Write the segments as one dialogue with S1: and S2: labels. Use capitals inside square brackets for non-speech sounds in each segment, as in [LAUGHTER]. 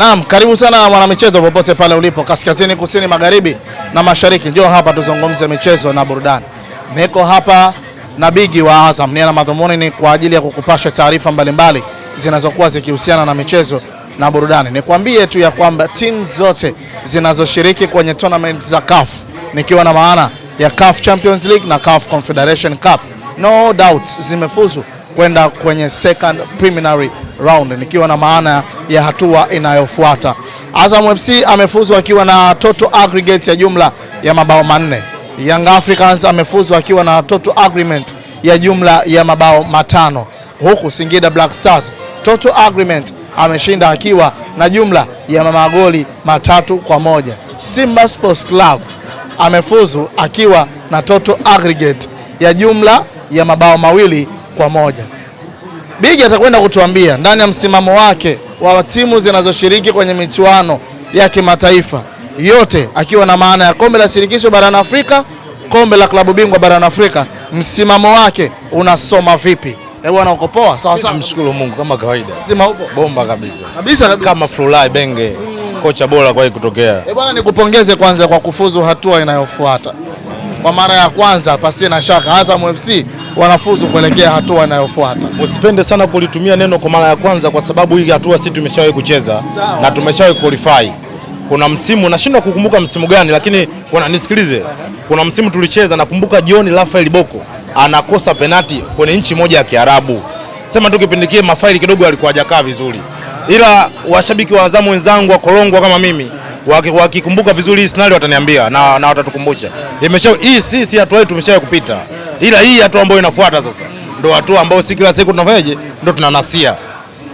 S1: Naam, karibu sana mwanamichezo popote pale ulipo kaskazini, kusini, magharibi na mashariki, njoo hapa tuzungumze michezo na burudani. Niko hapa na bigi wa Azam, nia na madhumuni ni kwa ajili ya kukupasha taarifa mbalimbali zinazokuwa zikihusiana na michezo na burudani. Nikwambie tu ya kwamba timu zote zinazoshiriki kwenye tournament za CAF, nikiwa na maana ya CAF Champions League na CAF Confederation Cup, no doubt zimefuzu kwenda kwenye second preliminary round, nikiwa na maana ya hatua inayofuata. Azam FC amefuzu akiwa na total aggregate ya jumla ya mabao manne. Young Africans amefuzu akiwa na total agreement ya jumla ya mabao matano, huku Singida Black Stars total agreement ameshinda akiwa na jumla ya magoli matatu kwa moja. Simba Sports Club amefuzu akiwa na total aggregate ya jumla ya mabao mawili kwa moja. Bigi atakwenda kutuambia ndani ya msimamo wake wa timu zinazoshiriki kwenye michuano ya kimataifa yote, akiwa na maana ya kombe la shirikisho barani Afrika, kombe la klabu bingwa barani Afrika, msimamo wake unasoma vipi? Bwana, uko poa? Sawa sawa,
S2: mshukuru Mungu kama kawaida. Sima upo bomba kabisa kabisa kabisa, kama Fulai Benge, mm. kocha bora kwa kutokea.
S1: Eh, bwana, nikupongeze kwanza kwa kufuzu hatua inayofuata kwa mara ya kwanza pasi na shaka, Azam FC wanafuzu kuelekea hatua inayofuata.
S3: Usipende sana kulitumia neno kwa mara ya kwanza, kwa sababu hii hatua sisi tumeshawahi kucheza Sao, na tumeshawahi qualify. Kuna msimu nashindwa kukumbuka msimu gani, lakini kuna nisikilize, kuna msimu tulicheza, nakumbuka jioni Rafael Boko anakosa penati kwenye nchi moja ya Kiarabu, sema tu kipindikie mafaili kidogo, alikuwa hajakaa vizuri, ila washabiki wa Azamu wenzangu wakorongwa kama mimi wakikumbuka vizuri hii scenario wataniambia na, na watatukumbusha imesha hii. Sisi hatuwahi tumeshawahi kupita, ila hii hatua ambayo inafuata sasa ndo hatua ambayo si kila siku tunafanyaje, ndo tunanasia,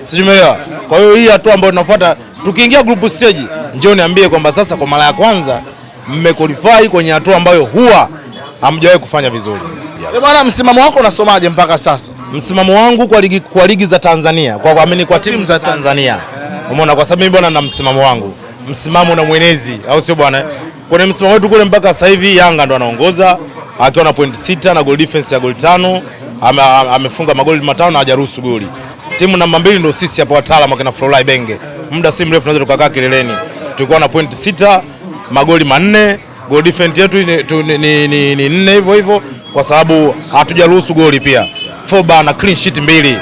S3: sijui umeelewa. Kwa hiyo hii hatua ambayo tunafuata tukiingia group stage, njoo niambie kwamba sasa kwa mara ya kwanza mmequalify kwenye hatua ambayo huwa hamjawahi kufanya vizuri.
S1: Yes. Eh, bwana, msimamo wako unasomaje mpaka sasa? Msimamo wangu kwa ligi, kwa ligi za Tanzania kwa, kuamini kwa, kwa timu za Tanzania, eh. umeona, kwa sababu mimi bwana na msimamo wangu msimamo na mwenezi, au sio bwana? Kwenye msimamo wetu kule mpaka sasa hivi Yanga ndo anaongoza akiwa na point sita na goal difference ya goli tano, amefunga ame magoli matano na hajaruhusu goli. Timu namba mbili ndo sisi hapo, wataalamu akina Florai Benge, Muda si mrefu tunaweza tukakaa kileleni, tulikuwa na point sita, magoli manne, goal difference yetu ni, ni, ni nne hivyo hivyo, kwa sababu hatujaruhusu goli pia. Foba na clean sheet mbili,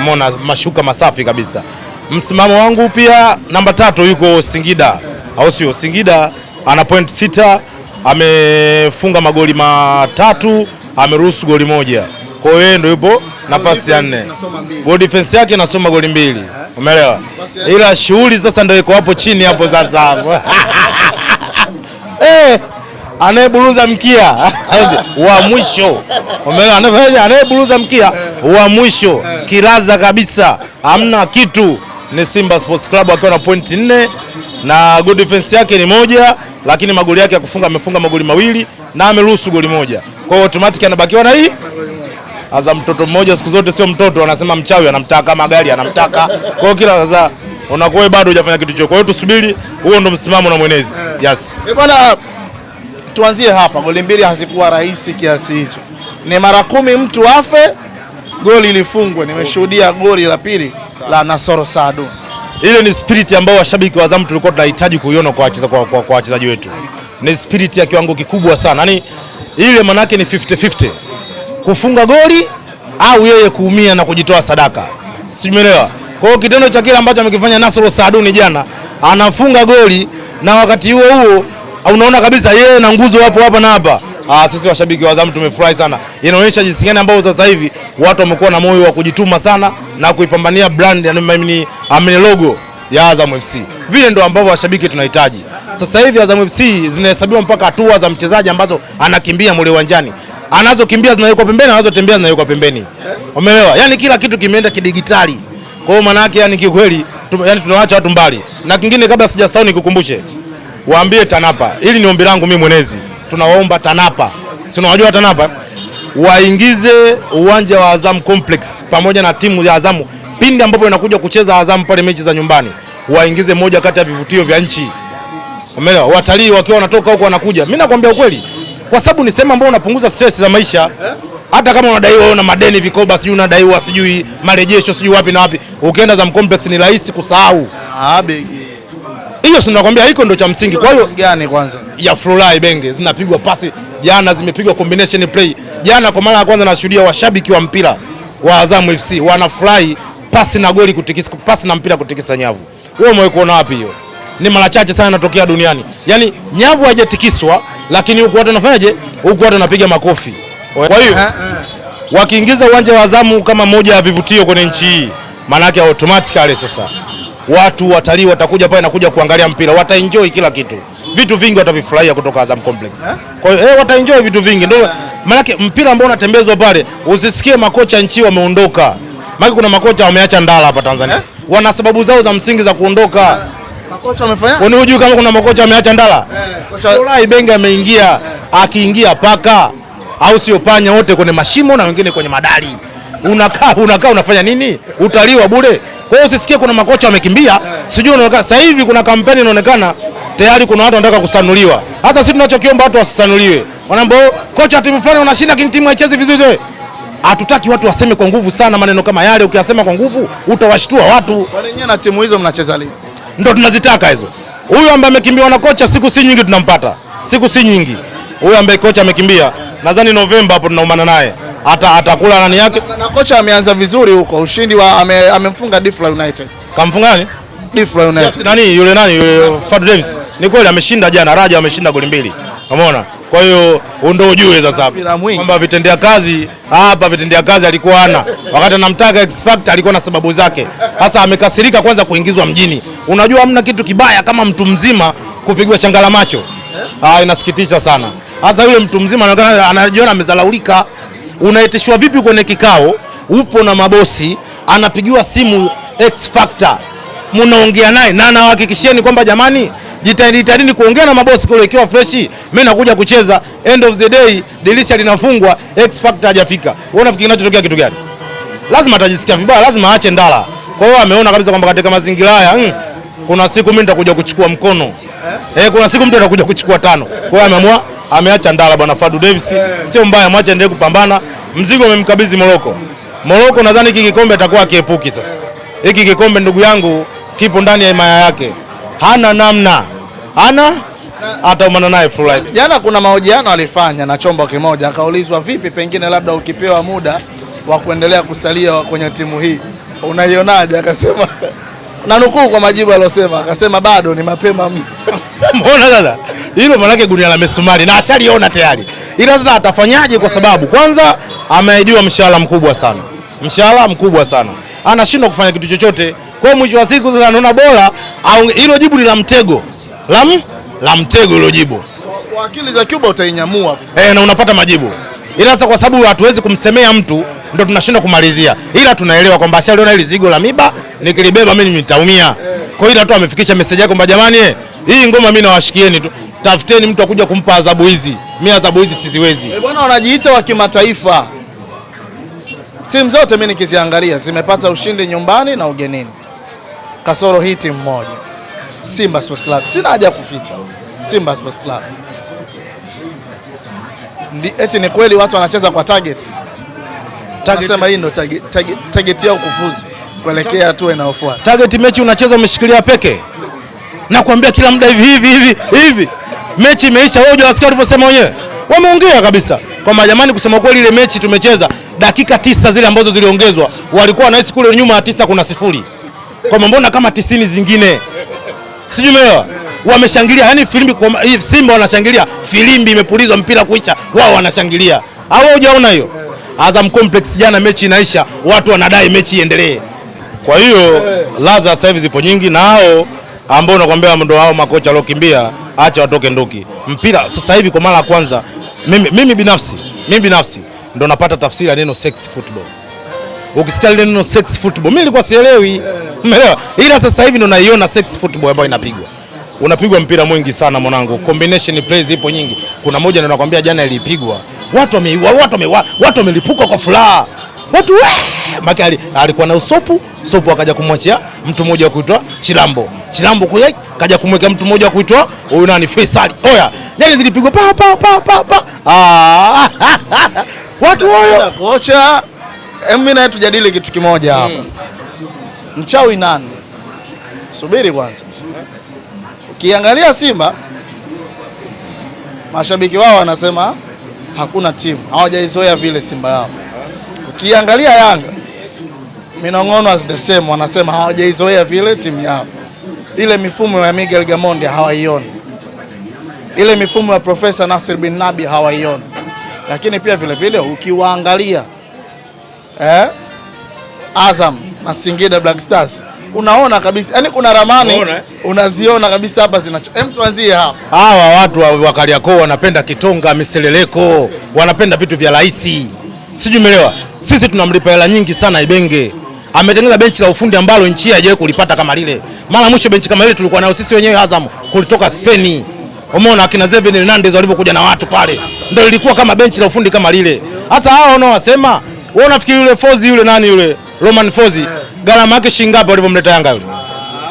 S1: umeona mashuka masafi kabisa. Msimamo wangu pia, namba tatu yuko Singida, au sio? Singida ana point sita, amefunga magoli matatu, ameruhusu goli moja, kwa hiyo yeye ndio yupo nafasi ya nne. Goal defense yake nasoma goli mbili, umeelewa? Ila shughuli sasa ndio iko hapo chini hapo sasa hapo [LAUGHS] eh, anayeburuza mkia [LAUGHS] wa mwisho, umeelewa? Anayeburuza mkia wa mwisho, kilaza kabisa, hamna kitu ni Simba Sports Club akiwa na pointi nne na good defense yake ni moja, lakini magoli yake ya kufunga amefunga magoli mawili na ameruhusu goli moja. Kwa hiyo automatic anabakiwa na hii aza mtoto mmoja, siku zote sio mtoto, anasema mchawi anamtaka kama gari anamtaka. Kwa hiyo kila sasa unakuwa bado hujafanya kitu chochote. Kwa hiyo tusubiri, huo ndo msimamo na mwenezi. Yes. Eh, bwana, tuanzie hapa. Goli mbili hazikuwa rahisi kiasi hicho, ni mara kumi mtu afe goli lifungwe. Nimeshuhudia goli la pili la Nasoro Sadu.
S3: Ile ni spirit ambayo washabiki wa Azam tulikuwa tunahitaji kuiona kwa wachezaji kwa, kwa, kwa wetu. Ni spirit ya kiwango kikubwa sana, yaani ile manake ni 50-50 kufunga goli au yeye kuumia na kujitoa sadaka, sijumelewa Kwa hiyo kitendo cha kile ambacho amekifanya Nasoro Saaduni jana, anafunga goli na wakati huo huo unaona kabisa yeye na nguzo wapo hapa na hapa Aa, ah, sisi washabiki wa Azam tumefurahi sana, inaonyesha jinsi gani ambao sasa hivi watu wamekuwa na moyo wa kujituma sana na kuipambania brand ya amini logo ya Azam FC. Vile ndo ambavyo washabiki tunahitaji sasa hivi. Azam FC zinahesabiwa mpaka hatua za mchezaji ambazo anakimbia mule uwanjani, anazokimbia zinawekwa pembeni, anazotembea zinawekwa pembeni, umeelewa? Yaani kila kitu kimeenda kidigitali. Kwa hiyo maana yake yani kikweli yani tunawaacha watu mbali. Na kingine kabla sijasahau, nikukumbushe waambie TANAPA, ili ni ombi langu mimi mwenezi tunawaomba TANAPA, si unajua TANAPA, waingize uwanja wa Azam Complex pamoja na timu ya Azamu pindi ambapo inakuja kucheza Azamu pale mechi za nyumbani, waingize moja kati ya vivutio vya nchi. Umeelewa? Watalii wakiwa wanatoka huko wanakuja, mimi nakwambia ukweli, kwa sababu ni sehemu ambayo unapunguza stress za maisha. Hata kama unadaiwa una madeni, vikoba sijui unadaiwa, sijui marejesho, sijui wapi na wapi, ukienda Azam Complex ni rahisi kusahau. Ah, hiyo si nakwambia, hiko ndo cha msingi. Kwa hiyo
S1: gani kwanza
S3: ya Fulai Benge zinapigwa pasi jana, zimepigwa combination play jana. Kwa mara ya kwanza nashuhudia washabiki wa mpira wa Azam FC wanafurahi pasi na goli kutikisa, pasi na mpira kutikisa nyavu. Wewe umewahi kuona wapi hiyo? Ni mara chache sana inatokea duniani, yani nyavu haijatikiswa, lakini huko watu wanafanyaje? Huko watu wanapiga makofi. Kwa hiyo wakiingiza uwanja wa Azamu kama moja ya vivutio kwenye nchi hii, maana yake automatically sasa watu watalii watakuja pale na kuja kuangalia mpira, wataenjoy kila kitu, vitu vingi watavifurahia kutoka Azam Complex. Eh? Kwa hiyo eh, wataenjoy vitu vingi, ndio maanake mpira ambao unatembezwa pale. Usisikie makocha nchi wameondoka, maana kuna makocha wameacha ndala hapa Tanzania eh? Wana sababu zao za msingi za kuondoka. Eh,
S1: makocha wamefanya wewe
S3: unajua kama kuna makocha wameacha ndala
S1: eh? Kocha Ulai Benga ameingia eh, akiingia paka au sio panya wote kwenye mashimo na wengine kwenye madari, unakaa unakaa unafanya nini? Utalii wa bure. Kwa hiyo usisikie kuna makocha wamekimbia, sijui unaonekana sasa hivi kuna kampeni inaonekana tayari kuna watu wanataka kusanuliwa. Sasa sisi tunachokiomba watu wasisanuliwe. Wanaambo kocha timu fulani unashinda kini timu haichezi vizuri. Hatutaki watu waseme kwa nguvu sana maneno kama yale, ukiyasema kwa nguvu utawashtua watu. Kwa nini na timu hizo mnacheza lini?
S3: Ndio tunazitaka hizo.
S1: Huyu ambaye amekimbiwa na kocha siku si nyingi tunampata. Siku si nyingi. Huyu ambaye kocha amekimbia, nadhani Novemba hapo tunaumana naye ata, atakula nani yake na, na kocha ameanza vizuri huko ushindi wa ame, Difla United. Kamfunga nani? Difla United. Yes,
S3: nani yule nani yule Fadu Davis. Ni kweli ameshinda jana, Raja ameshinda goli mbili. Umeona? Kwa hiyo ndio ujue sasa
S1: kwamba vitendea kazi
S3: hapa, vitendea kazi alikuwa ana
S1: wakati anamtaka X Factor alikuwa na sababu zake. Sasa amekasirika kwanza kuingizwa mjini. Unajua hamna kitu kibaya kama mtu mzima kupigwa changala macho. Ah, inasikitisha sana. Sasa yule mtu mzima anajiona amezalaulika. Unaitishwa vipi kwenye kikao? Upo na mabosi, anapigiwa simu X Factor, mnaongea naye na anahakikisheni kwamba jamani, jitahidi jitahidini kuongea na mabosi kule, ikiwa freshi, mimi nakuja kucheza. End of the day dirisha linafungwa, X Factor hajafika. Wewe unafikiri kinachotokea kitu gani? Lazima atajisikia vibaya, lazima aache ndala. Kwa hiyo ameona kabisa kwamba katika mazingira haya mm, kuna siku mimi nitakuja kuchukua mkono eh? eh, kuna siku mtu atakuja kuchukua tano. Kwa hiyo ameamua ameacha ndala bwana Fadu Davis, eh. sio mbaya, mwache endelee kupambana. Mzigo umemkabidhi Moroko. Moroko nadhani hiki kikombe atakuwa akiepuki sasa. Hiki kikombe ndugu yangu kipo ndani ya imaya yake, hana namna, hana ataumana naye fulani. Jana kuna mahojiano alifanya na chombo kimoja, akaulizwa vipi, pengine labda ukipewa muda wa kuendelea kusalia kwenye timu hii unaionaje? Akasema [LAUGHS] na nukuu kwa majibu aliyosema, akasema bado ni mapema mno.
S3: [LAUGHS] Mbona sasa hilo manake gunia la mesumari na ashaliona tayari, ila sasa atafanyaje? Kwa sababu kwanza ameahidiwa mshahara mkubwa sana, mshahara mkubwa sana, anashindwa kufanya kitu chochote. Kwa mwisho wa siku sasa anaona bora au hilo jibu ni la mtego la la mtego, hilo jibu
S1: kwa akili za Cuba utainyamua
S3: eh, na unapata majibu, ila sasa kwa sababu hatuwezi kumsemea mtu ndo tunashindwa kumalizia, ila tunaelewa kwamba ashaliona hili zigo la miba, nikilibeba mimi nitaumia. Kwa hiyo ila tu amefikisha message yake kwamba jamani, eh, hii ngoma mimi nawashikieni tu tafuteni mtu akuja kumpa adhabu hizi. Mimi adhabu hizi siziwezi eh,
S1: bwana. Wanajiita wa kimataifa, timu zote mimi nikiziangalia zimepata ushindi nyumbani na ugenini, kasoro hii timu moja, Simba Sports Club. Sina haja ya kuficha Simba Sports Club. Ndi, eti ni kweli watu wanacheza kwa target. Tunasema hii ndo target, target, target yao kufuzu kuelekea hatua inayofuata.
S3: Target mechi unacheza umeshikilia peke. Nakwambia kila muda hivi hivi hivi hivi mechi imeisha. Wewe hujasikia walivyosema wenyewe, wameongea kabisa kwamba jamani, kusema kweli, ile mechi tumecheza dakika tisa zile ambazo ziliongezwa, walikuwa wanahisi kule nyuma ya tisa kuna sifuri, kwa mbona kama tisini zingine sijui umeelewa wameshangilia yani filimbi kwa Simba wanashangilia, filimbi imepulizwa mpira kuisha, wao wanashangilia. Au wewe hujaona hiyo? Azam Complex jana mechi inaisha, watu wanadai mechi iendelee. Kwa hiyo eh. laza sasa hivi zipo nyingi, na hao ambao unakwambia ndio hao makocha waliokimbia acha watoke nduki. Mpira sasa hivi kwa mara ya kwanza mimi, mimi binafsi mimi binafsi ndo napata tafsiri ya neno sex football. Ukisikia lile neno sex football mimi nilikuwa sielewi, umeelewa? Ila sasa hivi ndo naiona sex football ambayo inapigwa, unapigwa mpira mwingi sana mwanangu, combination plays zipo nyingi. Kuna moja ndo nakwambia jana ilipigwa watu wame, watu wamelipuka kwa furaha watu maki alikuwa na usopu sopu, akaja kumwachia mtu mmoja wa kuitwa Chilambo. Chilambo kuja kaja kumweka mtu mmoja wa kuitwa huyu nani Faisali. Oya, yani zilipigwa pa pa pa pa pa. Ah, [LAUGHS] watu wao
S1: kocha. Mimi na tujadili kitu kimoja hapa hmm. Mchawi nani? Subiri kwanza, ukiangalia Simba mashabiki wao wanasema hakuna timu, hawajaizoea vile Simba yao Kiangalia Yanga minong'ono as the same, wanasema hawajaizoea vile timu yao, ile mifumo ya Miguel Gamondi hawaioni, ile mifumo ya Profesa Nasir bin Nabi hawaioni, lakini pia vile vile ukiwaangalia eh, Azam na Singida Black Stars unaona kabisa, yani kuna ramani eh? unaziona kabisa hapa zinacho. Hem, tuanzie hapa.
S3: Hawa watu wa Kariakoo wanapenda kitonga, miseleleko, wanapenda vitu vya rahisi sijui umeelewa. Sisi tunamlipa hela nyingi sana Ibenge ametengeneza benchi la ufundi ambalo nchi haijawahi kulipata kama lile. Mara mwisho benchi kama ile tulikuwa nayo sisi wenyewe Azam kulitoka Spain. Umeona akina Zeven Hernandez walivyokuja na watu pale. Ndio ilikuwa kama benchi la ufundi kama lile. Sasa hao wanaowasema, wewe unafikiri yule Fozi yule nani yule Roman Fozi gharama yake shilingi ngapi walivyomleta Yanga yule?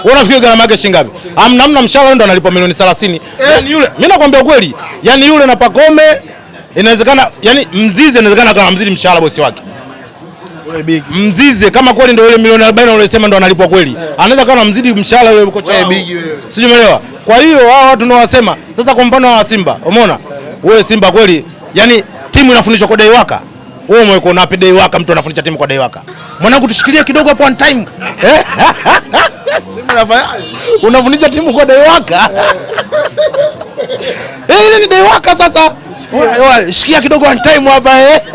S3: Wewe unafikiri gharama yake shilingi ngapi? Amna mshahara ndio analipa milioni 30. Eh. Yaani yule, mimi nakwambia kweli, yani yule na Pakome inawezekana yani Mzize inawezekana kama mzidi mshahara bosi wake
S1: Mzize kama kweli ndio ile milioni 40 unasema ndo analipwa kweli,
S3: anaweza kama mzidi mshahara yule
S1: kocha wao, sijui umeelewa. Kwa hiyo hao watu ndio wasema sasa. Kwa mfano wa Simba, umeona wewe Simba kweli, yani timu inafundishwa kwa dai waka wewe umeweka na pidai waka, mtu anafundisha timu kwa dai waka. Mwanangu tushikilie kidogo hapo one time eh? [LAUGHS] timu inafanyaje? Unafundisha timu kwa dai waka eh. eh, ile ni dai waka sasa shikia kidogo one time hapa eh. [LAUGHS]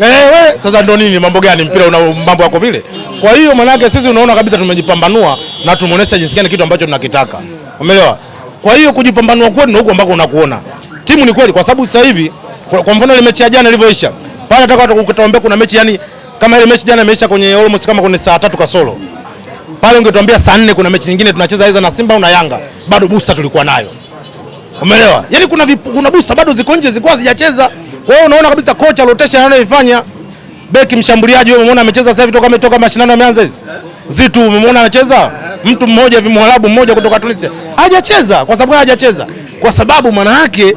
S1: Eh, sasa ndo nini mambo gani mpira una mambo yako vile. Kwa hiyo manake sisi unaona kabisa tumejipambanua na tumeonesha jinsi gani kitu ambacho tunakitaka. Umeelewa? Kwa hiyo kujipambanua kwetu na huko ambako unakuona. Timu ni kweli kwa sababu sasa hivi kwa mfano ile mechi ya jana ilivyoisha. Pale nataka watu kutuambia kuna mechi yani kama ile mechi jana imeisha kwenye almost kama kwenye saa tatu kasoro. Pale ungetuambia saa nne kuna mechi nyingine tunacheza hizo na Simba au na Yanga. Bado booster tulikuwa nayo. Umeelewa? Yaani kuna vipu, kuna busa bado ziko nje zilikuwa hazijacheza. Kwa hiyo unaona kabisa kocha rotation anayoifanya beki mshambuliaji wewe umeona amecheza sasa hivi toka ametoka mashindano yameanza hizi. Zitu umeona anacheza? Mtu mmoja hivi Mwarabu mmoja kutoka Tunisia. Hajacheza kwa sababu hajacheza. Kwa sababu maana yake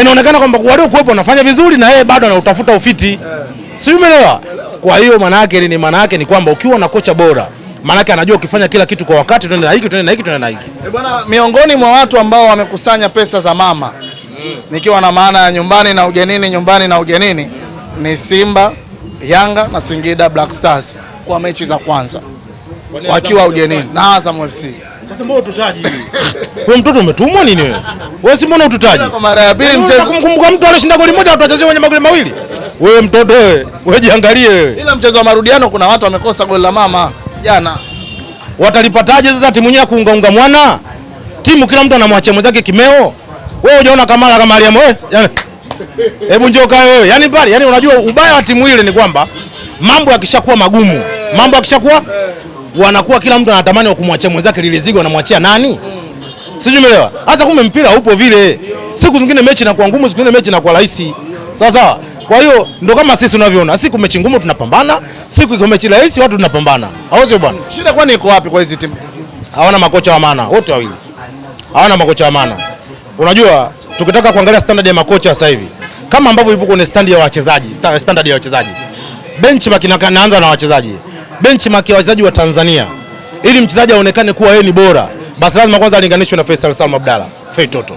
S1: inaonekana kwamba walio kuwepo wanafanya vizuri na yeye bado anautafuta ufiti. Si umeelewa? Kwa hiyo maana yake ni maana yake ni kwamba ukiwa na kocha bora maanake anajua ukifanya kila kitu kwa wakati, tuende na hiki, tuende na hiki, tuende na hiki. E bwana, miongoni mwa watu ambao wamekusanya pesa za mama nikiwa na maana ya nyumbani na ugenini, nyumbani na ugenini ni Simba, Yanga na Singida Black Stars kwa mechi za kwanza wakiwa ugenini na Azam FC. Sasa mbona ututaji hivi?
S3: Kwa [LAUGHS] mtoto umetumwa nini wewe? Wewe si mbona ututaji? Kwa
S1: mara ya pili yaani mchezo. Kumkumbuka mtu alishinda goli moja atachezea kwenye magoli mawili.
S3: Wewe mtoto wewe, wewe jiangalie wewe.
S1: Ila mchezo wa marudiano kuna watu wamekosa goli la mama jana.
S3: Watalipataje sasa timu yenyewe kuungaunga mwana timu? Kila mtu anamwachia mwenzake kimeo. Wewe hujaona Kamala kama Mariam wewe jana, hebu njoo kae wewe. Yani pale, yani unajua ubaya wa timu ile ni kwamba mambo yakishakuwa magumu, mambo yakishakuwa wanakuwa kila mtu anatamani kumwachia mwenzake lile zigo, anamwachia nani? Sijui umeelewa? Hata kumbe mpira upo vile. Siku zingine mechi inakuwa ngumu, siku zingine mechi inakuwa rahisi. Sawa sawa. Kwa hiyo ndo kama sisi unavyoona, siku mechi ngumu tunapambana, siku mechi rahisi watu tunapambana, au sio bwana?
S1: Shida kwani iko wapi kwa hizi timu?
S3: Hawana makocha wa maana wote wawili, hawana makocha wa maana. Unajua, tukitaka kuangalia standard ya makocha sasa hivi kama ambavyo ipo kwenye standard ya wachezaji, standard ya wachezaji, benchmark inaanza na wachezaji, benchmark ya wachezaji wa Tanzania, ili mchezaji aonekane kuwa yeye ni bora basi lazima kwanza alinganishwe na Faisal Salum Abdalla Fei Toto,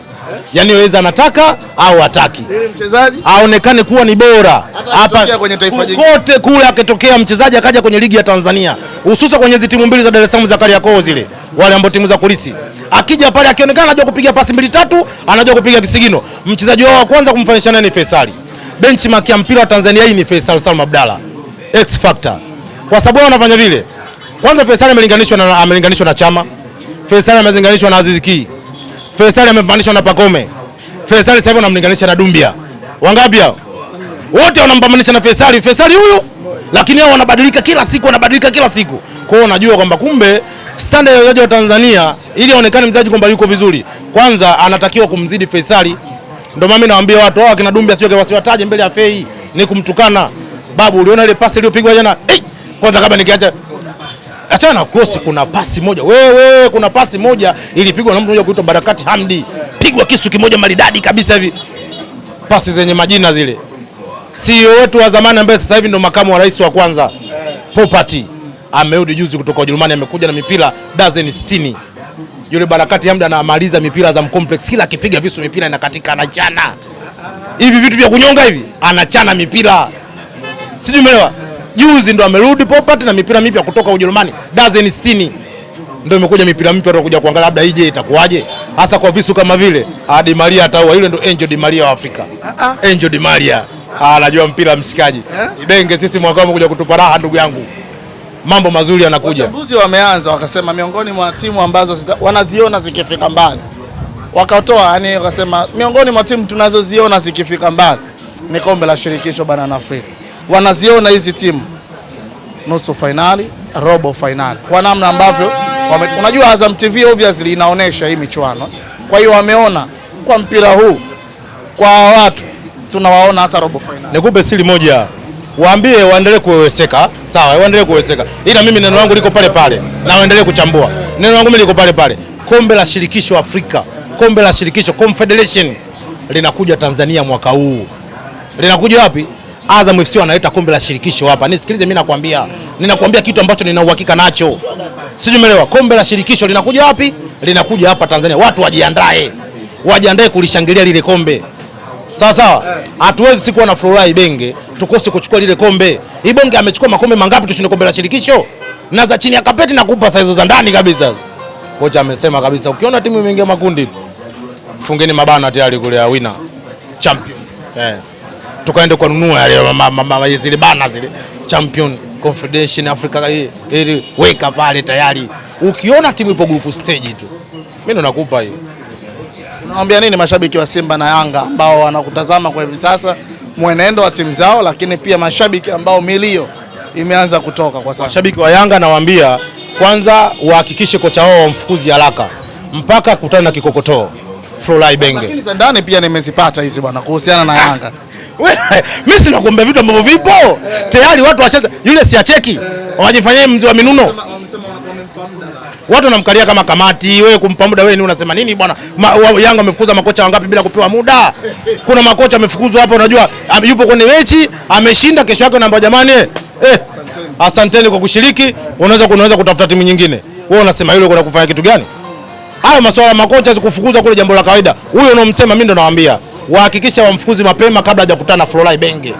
S3: yaani yeye anataka au hataki, ili mchezaji aonekane kuwa ni bora hapa
S1: kwenye taifa jingine. kote kule. Akitokea mchezaji akaja kwenye ligi ya Tanzania, hususa kwenye hizo timu mbili za Dar es Salaam za Kariakoo zile, wale ambao timu za polisi, akija pale akionekana anajua kupiga pasi mbili tatu, anajua kupiga kisigino, mchezaji wao wa kwanza kumfanisha naye ni Faisal. Benchmark ya mpira wa Tanzania hii ni Faisal Salum Abdalla X Factor, kwa sababu anafanya vile. Kwanza Faisal amelinganishwa na amelinganishwa na Chama Faisal amezinganishwa na Aziz Ki. Feisal amepandishwa na Pakome. Faisal sasa wanamlinganisha na Dumbia. Wangapi hao? Wote wanampambanisha na Faisal. Faisal huyo. Lakini hao wanabadilika kila siku, wanabadilika kila siku. Kwa hiyo unajua kwamba kumbe standard ya wachezaji wa Tanzania ili aonekane mchezaji kwamba yuko vizuri, kwanza anatakiwa kumzidi Faisal. Ndio mimi nawaambia watu hao akina Dumbia sio wasiwataje mbele ya Fei, ni kumtukana. Babu, uliona ile pasi iliyopigwa jana? Hey! Kwanza kabla nikiacha achana na cross, kuna pasi moja wewe, kuna pasi moja ilipigwa na mtu mmoja kuitwa Barakati Hamdi, pigwa kisu kimoja maridadi kabisa hivi, pasi zenye majina zile. CEO wetu wa zamani ambaye sasa hivi ndo makamu wa rais wa kwanza Popati amerudi juzi kutoka Ujerumani, amekuja na mipira dozen 60. Yule Barakati Hamdi anamaliza mipira za mkomplex, kila akipiga visu mipira inakatika, anachana hivi vitu vya kunyonga hivi, anachana mipira, sijui umeelewa? Juzi ndo amerudi Popat na mipira mipya kutoka Ujerumani, dozen 60 ndio imekuja mipira mipya kuja kuangalia labda ije itakuwaje, hasa kwa visu kama vile ah, Di Maria ataua yule, ndo Angel Di Maria wa Afrika. Ah, ah. Angel Di Maria anajua mpira mshikaji, eh? ibenge sisi mwaka umekuja kutupa raha, ndugu yangu mambo mazuri yanakuja. Wachambuzi wameanza wakasema, miongoni mwa timu ambazo zita, wanaziona zikifika mbali, wakatoa yani, wakasema miongoni mwa timu tunazoziona zikifika mbali ni kombe la shirikisho barani Afrika wanaziona hizi timu nusu fainali, robo fainali, kwa namna ambavyo wame, unajua Azam TV obviously inaonesha hii michuano. Kwa hiyo wameona kwa mpira huu kwa watu tunawaona hata robo
S3: fainali. Nikupe siri moja, waambie waendelee kuweweseka, sawa, waendelee kuweweseka, ila mimi neno langu liko pale pale na waendelee kuchambua. Neno langu mimi liko pale pale, kombe la shirikisho Afrika, kombe la shirikisho Confederation linakuja Tanzania mwaka huu, linakuja wapi? Azam FC wanaleta kombe la shirikisho hapa. Nisikilize mimi nakwambia. Ninakwambia kitu ambacho nina uhakika nacho. Sijui umeelewa. Kombe la shirikisho linakuja wapi? Linakuja hapa Tanzania. Watu wajiandae. Wajiandae kulishangilia lile kombe. Sawa sawa. Hatuwezi sikuwa na Florent Ibenge tukose kuchukua lile kombe. Ibenge amechukua makombe mangapi tushinde kombe la shirikisho? Na za chini ya kapeti nakupa saizo za ndani kabisa. Kocha amesema kabisa ukiona timu imeingia makundi fungeni mabana tayari kule ya wina champion. Eh tukaenda kununua yale zile bana zile Champion Confederation Africa eh, ili weka pale tayari. Ukiona timu ipo group stage tu, mimi ndo nakupa hiyo.
S1: Unawaambia nini mashabiki wa Simba na Yanga ambao wanakutazama kwa hivi sasa mwenendo wa timu zao, lakini pia mashabiki ambao milio imeanza kutoka kwa sasa?
S3: Mashabiki wa Yanga nawaambia, kwanza wahakikishe kocha wao wamfukuzi haraka mpaka kutana na kikokotoo Florent Benge. Lakini
S1: za ndani pia nimezipata hizi bwana, kuhusiana na Yanga mimi si nakuombea vitu ambavyo vipo tayari, watu washa yule, si acheki wajifanyie mzee wa minuno watu wanamkalia kama kamati. Wewe kumpa muda wewe, ni unasema nini bwana? Ma, Yanga amefukuza makocha wangapi bila kupewa muda? Kuna makocha amefukuzwa hapa, unajua yupo kwenye mechi ameshinda, kesho yake naamba jamani, eh, asanteni kwa kushiriki, unaweza kunaweza kutafuta timu nyingine. Wewe unasema yule kuna kufanya kitu gani? Hayo masuala makocha kufukuza kule, jambo la kawaida. Huyo unaomsema mimi ndo nawaambia wahakikisha wamfukuzi mapema kabla hajakutana na Florai Benge.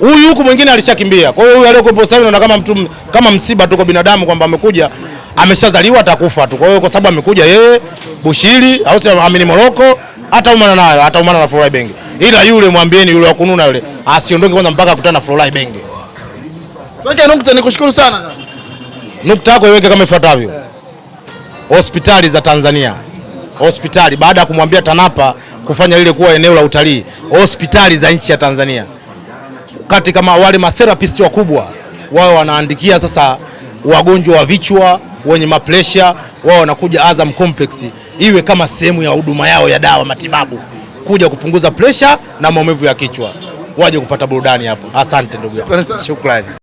S1: Huyu huku mwingine alishakimbia. Kwa hiyo huyu aliyokuwa sasa anaona kama mtu kama msiba tu kwa binadamu kwamba amekuja ameshazaliwa atakufa tu. Kwa hiyo kwa sababu amekuja yeye Bushiri au si Amini Moroko ataumana nayo, ataumana na Florai Benge. Ila yule mwambieni yule wa kununa yule asiondoke kwanza mpaka akutane na Florai Benge. Tuweke nukta, nikushukuru sana.
S3: Nukta yako iweke kama ifuatavyo. Hospitali za Tanzania. Hospitali baada ya kumwambia TANAPA kufanya lile kuwa eneo la utalii, hospitali za nchi ya Tanzania kati kama wale matherapist wakubwa wao wanaandikia sasa wagonjwa wa vichwa wenye mapresha wao wanakuja Azam Complex iwe kama sehemu ya huduma yao ya dawa matibabu, kuja kupunguza presha na maumivu ya kichwa, waje kupata burudani hapo. Asante ndugu shukrani.